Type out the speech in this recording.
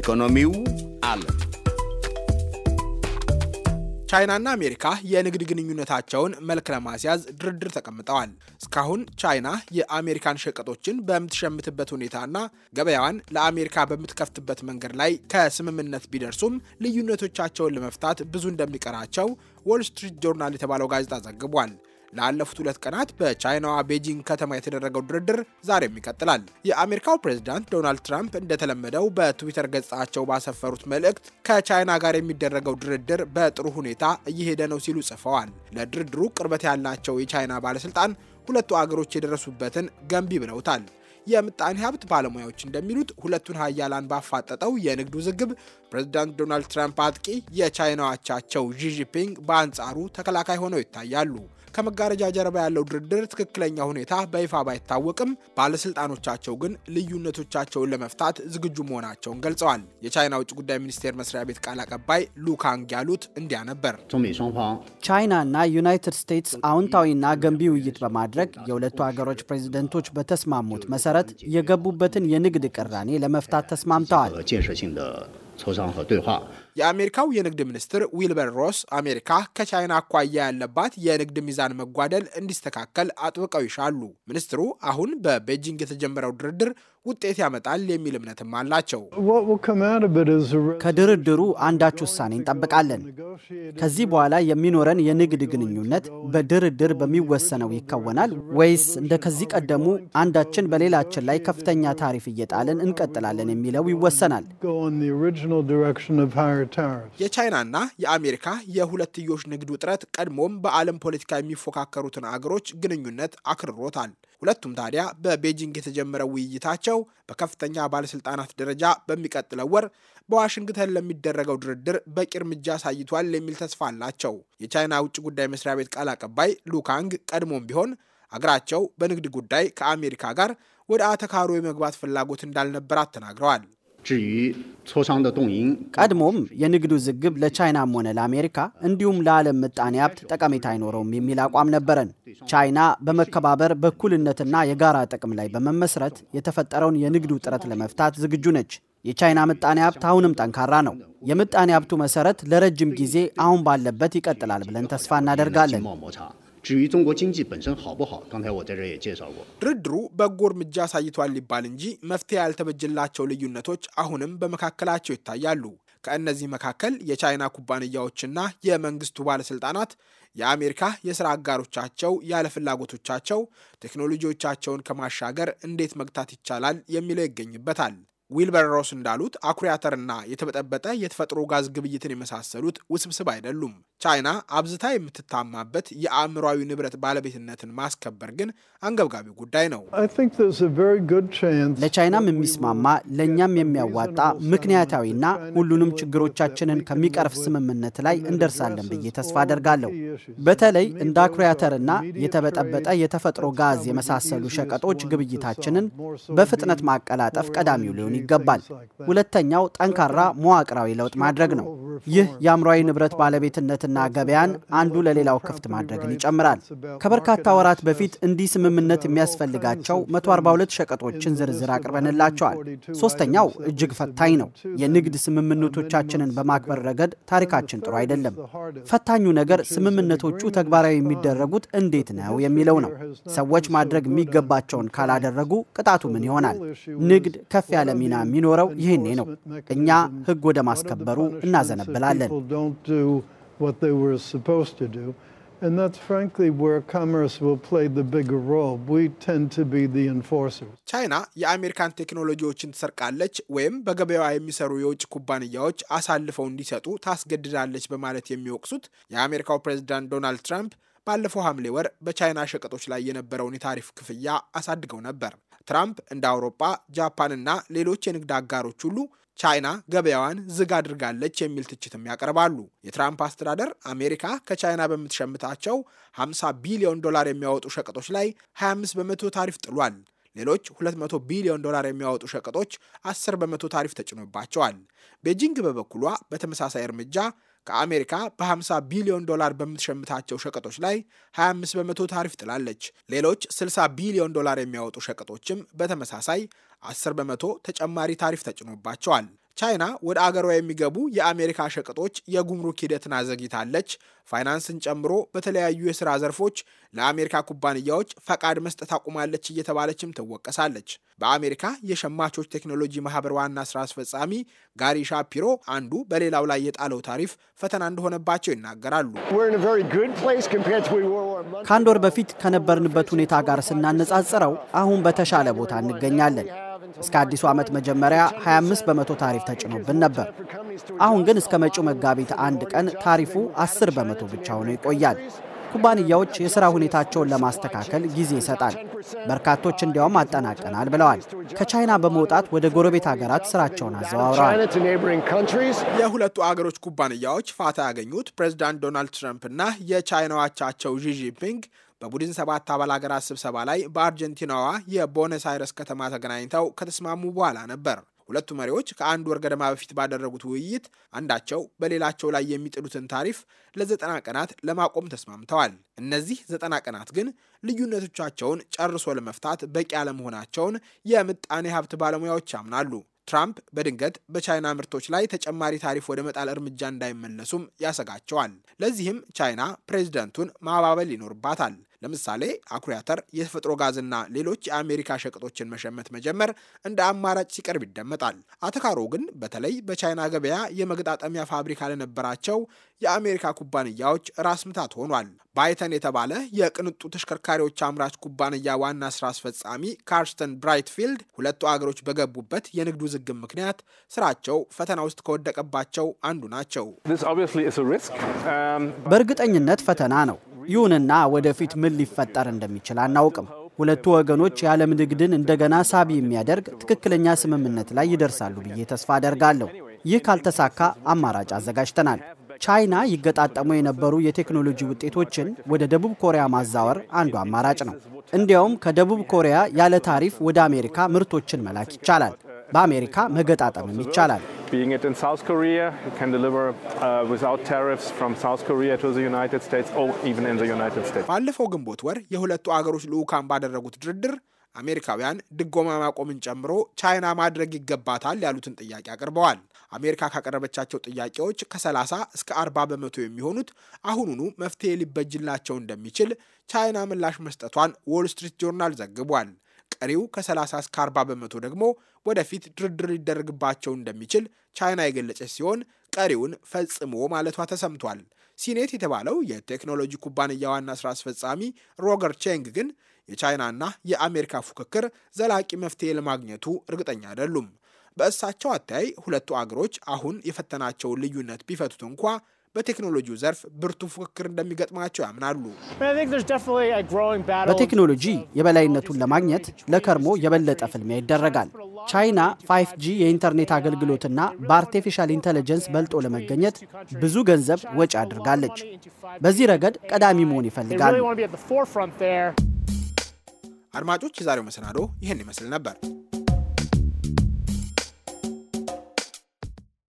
ኢኮኖሚው አለ። ቻይናና አሜሪካ የንግድ ግንኙነታቸውን መልክ ለማስያዝ ድርድር ተቀምጠዋል። እስካሁን ቻይና የአሜሪካን ሸቀጦችን በምትሸምትበት ሁኔታና ገበያዋን ለአሜሪካ በምትከፍትበት መንገድ ላይ ከስምምነት ቢደርሱም ልዩነቶቻቸውን ለመፍታት ብዙ እንደሚቀራቸው ዎል ስትሪት ጆርናል የተባለው ጋዜጣ ዘግቧል። ላለፉት ሁለት ቀናት በቻይናዋ ቤጂንግ ከተማ የተደረገው ድርድር ዛሬም ይቀጥላል። የአሜሪካው ፕሬዝዳንት ዶናልድ ትራምፕ እንደተለመደው በትዊተር ገጻቸው ባሰፈሩት መልእክት ከቻይና ጋር የሚደረገው ድርድር በጥሩ ሁኔታ እየሄደ ነው ሲሉ ጽፈዋል። ለድርድሩ ቅርበት ያላቸው የቻይና ባለስልጣን ሁለቱ አገሮች የደረሱበትን ገንቢ ብለውታል። የምጣኔ ሀብት ባለሙያዎች እንደሚሉት ሁለቱን ሀያላን ባፋጠጠው የንግድ ውዝግብ ፕሬዚዳንት ዶናልድ ትራምፕ አጥቂ የቻይና አቻቸው ዢጂፒንግ በአንጻሩ ተከላካይ ሆነው ይታያሉ። ከመጋረጃ ጀርባ ያለው ድርድር ትክክለኛ ሁኔታ በይፋ ባይታወቅም ባለስልጣኖቻቸው ግን ልዩነቶቻቸውን ለመፍታት ዝግጁ መሆናቸውን ገልጸዋል። የቻይና ውጭ ጉዳይ ሚኒስቴር መስሪያ ቤት ቃል አቀባይ ሉካንግ ያሉት እንዲያ ነበር። ቻይናና ዩናይትድ ስቴትስ አዎንታዊና ገንቢ ውይይት በማድረግ የሁለቱ ሀገሮች ፕሬዚደንቶች በተስማሙት መሰረት መሰረት የገቡበትን የንግድ ቅራኔ ለመፍታት ተስማምተዋል። የአሜሪካው የንግድ ሚኒስትር ዊልበር ሮስ አሜሪካ ከቻይና አኳያ ያለባት የንግድ ሚዛን መጓደል እንዲስተካከል አጥብቀው ይሻሉ። ሚኒስትሩ አሁን በቤጂንግ የተጀመረው ድርድር ውጤት ያመጣል የሚል እምነትም አላቸው። ከድርድሩ አንዳች ውሳኔ እንጠብቃለን። ከዚህ በኋላ የሚኖረን የንግድ ግንኙነት በድርድር በሚወሰነው ይከወናል ወይስ እንደ ከዚህ ቀደሙ አንዳችን በሌላችን ላይ ከፍተኛ ታሪፍ እየጣለን እንቀጥላለን የሚለው ይወሰናል። የቻይናና የአሜሪካ የሁለትዮሽ ንግድ ውጥረት ቀድሞም በዓለም ፖለቲካ የሚፎካከሩትን አገሮች ግንኙነት አክርሮታል። ሁለቱም ታዲያ በቤጂንግ የተጀመረው ውይይታቸው በከፍተኛ ባለስልጣናት ደረጃ በሚቀጥለው ወር በዋሽንግተን ለሚደረገው ድርድር በቂ እርምጃ አሳይቷል የሚል ተስፋ አላቸው። የቻይና ውጭ ጉዳይ መስሪያ ቤት ቃል አቀባይ ሉካንግ ቀድሞም ቢሆን አገራቸው በንግድ ጉዳይ ከአሜሪካ ጋር ወደ አተካሮ የመግባት ፍላጎት እንዳልነበራት ተናግረዋል። ቀድሞም የንግዱ ዝግብ ለቻይናም ሆነ ለአሜሪካ እንዲሁም ለዓለም ምጣኔ ሀብት ጠቀሜታ አይኖረውም የሚል አቋም ነበረን። ቻይና በመከባበር በእኩልነትና የጋራ ጥቅም ላይ በመመስረት የተፈጠረውን የንግድ ውጥረት ለመፍታት ዝግጁ ነች። የቻይና ምጣኔ ሀብት አሁንም ጠንካራ ነው። የምጣኔ ሀብቱ መሰረት ለረጅም ጊዜ አሁን ባለበት ይቀጥላል ብለን ተስፋ እናደርጋለን። 至于中国经济本身好不好，刚才我在这也介绍过。ድርድሩ በጎ እርምጃ አሳይቷል ሊባል እንጂ መፍትሄ ያልተበጀላቸው ልዩነቶች አሁንም በመካከላቸው ይታያሉ። ከእነዚህ መካከል የቻይና ኩባንያዎችና የመንግስቱ ባለስልጣናት የአሜሪካ የስራ አጋሮቻቸው ያለ ፍላጎቶቻቸው ቴክኖሎጂዎቻቸውን ከማሻገር እንዴት መግታት ይቻላል የሚለው ይገኝበታል። ዊልበር ሮስ እንዳሉት አኩሪ አተርና የተበጠበጠ የተፈጥሮ ጋዝ ግብይትን የመሳሰሉት ውስብስብ አይደሉም። ቻይና አብዝታ የምትታማበት የአእምሯዊ ንብረት ባለቤትነትን ማስከበር ግን አንገብጋቢ ጉዳይ ነው። ለቻይናም የሚስማማ ለእኛም የሚያዋጣ ምክንያታዊና ሁሉንም ችግሮቻችንን ከሚቀርፍ ስምምነት ላይ እንደርሳለን ብዬ ተስፋ አደርጋለሁ። በተለይ እንደ አኩሪ አተርና የተበጠበጠ የተፈጥሮ ጋዝ የመሳሰሉ ሸቀጦች ግብይታችንን በፍጥነት ማቀላጠፍ ቀዳሚው ሊሆን ይገባል። ሁለተኛው ጠንካራ መዋቅራዊ ለውጥ ማድረግ ነው። ይህ የአእምሯዊ ንብረት ባለቤትነትና ገበያን አንዱ ለሌላው ክፍት ማድረግን ይጨምራል። ከበርካታ ወራት በፊት እንዲህ ስምምነት የሚያስፈልጋቸው 142 ሸቀጦችን ዝርዝር አቅርበንላቸዋል። ሶስተኛው እጅግ ፈታኝ ነው። የንግድ ስምምነቶቻችንን በማክበር ረገድ ታሪካችን ጥሩ አይደለም። ፈታኙ ነገር ስምምነቶቹ ተግባራዊ የሚደረጉት እንዴት ነው የሚለው ነው። ሰዎች ማድረግ የሚገባቸውን ካላደረጉ ቅጣቱ ምን ይሆናል? ንግድ ከፍ ያለ ሚና ሚና የሚኖረው ይህኔ ነው። እኛ ህግ ወደ ማስከበሩ እናዘነብላለን። ቻይና የአሜሪካን ቴክኖሎጂዎችን ትሰርቃለች ወይም በገበያዋ የሚሰሩ የውጭ ኩባንያዎች አሳልፈው እንዲሰጡ ታስገድዳለች በማለት የሚወቅሱት የአሜሪካው ፕሬዝዳንት ዶናልድ ትራምፕ ባለፈው ሐምሌ ወር በቻይና ሸቀጦች ላይ የነበረውን የታሪፍ ክፍያ አሳድገው ነበር። ትራምፕ እንደ አውሮፓ፣ ጃፓንና ሌሎች የንግድ አጋሮች ሁሉ ቻይና ገበያዋን ዝግ አድርጋለች የሚል ትችትም ያቀርባሉ። የትራምፕ አስተዳደር አሜሪካ ከቻይና በምትሸምታቸው 50 ቢሊዮን ዶላር የሚያወጡ ሸቀጦች ላይ 25 በመቶ ታሪፍ ጥሏል። ሌሎች 200 ቢሊዮን ዶላር የሚያወጡ ሸቀጦች 10 በመቶ ታሪፍ ተጭኖባቸዋል። ቤጂንግ በበኩሏ በተመሳሳይ እርምጃ ከአሜሪካ በ50 ቢሊዮን ዶላር በምትሸምታቸው ሸቀጦች ላይ 25 በመቶ ታሪፍ ጥላለች። ሌሎች 60 ቢሊዮን ዶላር የሚያወጡ ሸቀጦችም በተመሳሳይ 10 በመቶ ተጨማሪ ታሪፍ ተጭኖባቸዋል። ቻይና ወደ አገሯ የሚገቡ የአሜሪካ ሸቀጦች የጉምሩክ ሂደትን አዘግይታለች። ፋይናንስን ጨምሮ በተለያዩ የሥራ ዘርፎች ለአሜሪካ ኩባንያዎች ፈቃድ መስጠት አቁማለች እየተባለችም ትወቀሳለች። በአሜሪካ የሸማቾች ቴክኖሎጂ ማህበር ዋና ሥራ አስፈጻሚ ጋሪ ሻፒሮ አንዱ በሌላው ላይ የጣለው ታሪፍ ፈተና እንደሆነባቸው ይናገራሉ። ከአንድ ወር በፊት ከነበርንበት ሁኔታ ጋር ስናነጻጽረው አሁን በተሻለ ቦታ እንገኛለን። እስከ አዲሱ ዓመት መጀመሪያ 25 በመቶ ታሪፍ ተጭኖብን ነበር። አሁን ግን እስከ መጪው መጋቢት አንድ ቀን ታሪፉ 10 በመቶ ብቻ ሆኖ ይቆያል። ኩባንያዎች የሥራ ሁኔታቸውን ለማስተካከል ጊዜ ይሰጣል። በርካቶች እንዲያውም አጠናቀናል ብለዋል። ከቻይና በመውጣት ወደ ጎረቤት አገራት ስራቸውን አዘዋውረዋል። የሁለቱ አገሮች ኩባንያዎች ፋታ ያገኙት ፕሬዚዳንት ዶናልድ ትራምፕ እና የቻይናው አቻቸው ዢ ጂንፒንግ በቡድን ሰባት አባል ሀገራት ስብሰባ ላይ በአርጀንቲናዋ የቦነስ አይረስ ከተማ ተገናኝተው ከተስማሙ በኋላ ነበር። ሁለቱ መሪዎች ከአንድ ወር ገደማ በፊት ባደረጉት ውይይት አንዳቸው በሌላቸው ላይ የሚጥሉትን ታሪፍ ለዘጠና ቀናት ለማቆም ተስማምተዋል። እነዚህ ዘጠና ቀናት ግን ልዩነቶቻቸውን ጨርሶ ለመፍታት በቂ አለመሆናቸውን የምጣኔ ሀብት ባለሙያዎች ያምናሉ። ትራምፕ በድንገት በቻይና ምርቶች ላይ ተጨማሪ ታሪፍ ወደ መጣል እርምጃ እንዳይመለሱም ያሰጋቸዋል። ለዚህም ቻይና ፕሬዚደንቱን ማባበል ይኖርባታል። ለምሳሌ አኩሪ አተር፣ የተፈጥሮ ጋዝና ሌሎች የአሜሪካ ሸቀጦችን መሸመት መጀመር እንደ አማራጭ ሲቀርብ ይደመጣል። አተካሮ ግን በተለይ በቻይና ገበያ የመገጣጠሚያ ፋብሪካ ለነበራቸው የአሜሪካ ኩባንያዎች ራስ ምታት ሆኗል። ባይተን የተባለ የቅንጡ ተሽከርካሪዎች አምራች ኩባንያ ዋና ስራ አስፈጻሚ ካርስተን ብራይትፊልድ ሁለቱ አገሮች በገቡበት የንግድ ውዝግብ ምክንያት ስራቸው ፈተና ውስጥ ከወደቀባቸው አንዱ ናቸው። um, በእርግጠኝነት ፈተና ነው። ይሁንና ወደፊት ምን ሊፈጠር እንደሚችል አናውቅም። ሁለቱ ወገኖች የዓለም ንግድን እንደገና ሳቢ የሚያደርግ ትክክለኛ ስምምነት ላይ ይደርሳሉ ብዬ ተስፋ አደርጋለሁ። ይህ ካልተሳካ አማራጭ አዘጋጅተናል። ቻይና ይገጣጠሙ የነበሩ የቴክኖሎጂ ውጤቶችን ወደ ደቡብ ኮሪያ ማዛወር አንዱ አማራጭ ነው። እንዲያውም ከደቡብ ኮሪያ ያለ ታሪፍ ወደ አሜሪካ ምርቶችን መላክ ይቻላል። በአሜሪካ መገጣጠምም ይቻላል። being it in South Korea, you can deliver uh, without tariffs from South Korea to the United States or even in the United States. ባለፈው ግንቦት ወር የሁለቱ አገሮች ልዑካን ባደረጉት ድርድር አሜሪካውያን ድጎማ ማቆምን ጨምሮ ቻይና ማድረግ ይገባታል ያሉትን ጥያቄ አቅርበዋል። አሜሪካ ካቀረበቻቸው ጥያቄዎች ከ30 እስከ 40 በመቶ የሚሆኑት አሁኑኑ መፍትሄ ሊበጅላቸው እንደሚችል ቻይና ምላሽ መስጠቷን ዎል ስትሪት ጆርናል ዘግቧል። ቀሪው ከ30 እስከ 40 በመቶ ደግሞ ወደፊት ድርድር ሊደረግባቸው እንደሚችል ቻይና የገለጸች ሲሆን ቀሪውን ፈጽሞ ማለቷ ተሰምቷል። ሲኔት የተባለው የቴክኖሎጂ ኩባንያ ዋና ስራ አስፈጻሚ ሮገር ቼንግ ግን የቻይናና የአሜሪካ ፉክክር ዘላቂ መፍትሄ ለማግኘቱ እርግጠኛ አይደሉም። በእሳቸው አተያይ ሁለቱ አገሮች አሁን የፈተናቸውን ልዩነት ቢፈቱት እንኳ በቴክኖሎጂው ዘርፍ ብርቱ ፉክክር እንደሚገጥማቸው ያምናሉ። በቴክኖሎጂ የበላይነቱን ለማግኘት ለከርሞ የበለጠ ፍልሚያ ይደረጋል። ቻይና 5ጂ የኢንተርኔት አገልግሎትና በአርቲፊሻል ኢንተለጀንስ በልጦ ለመገኘት ብዙ ገንዘብ ወጪ አድርጋለች። በዚህ ረገድ ቀዳሚ መሆን ይፈልጋል። አድማጮች፣ የዛሬው መሰናዶ ይህን ይመስል ነበር።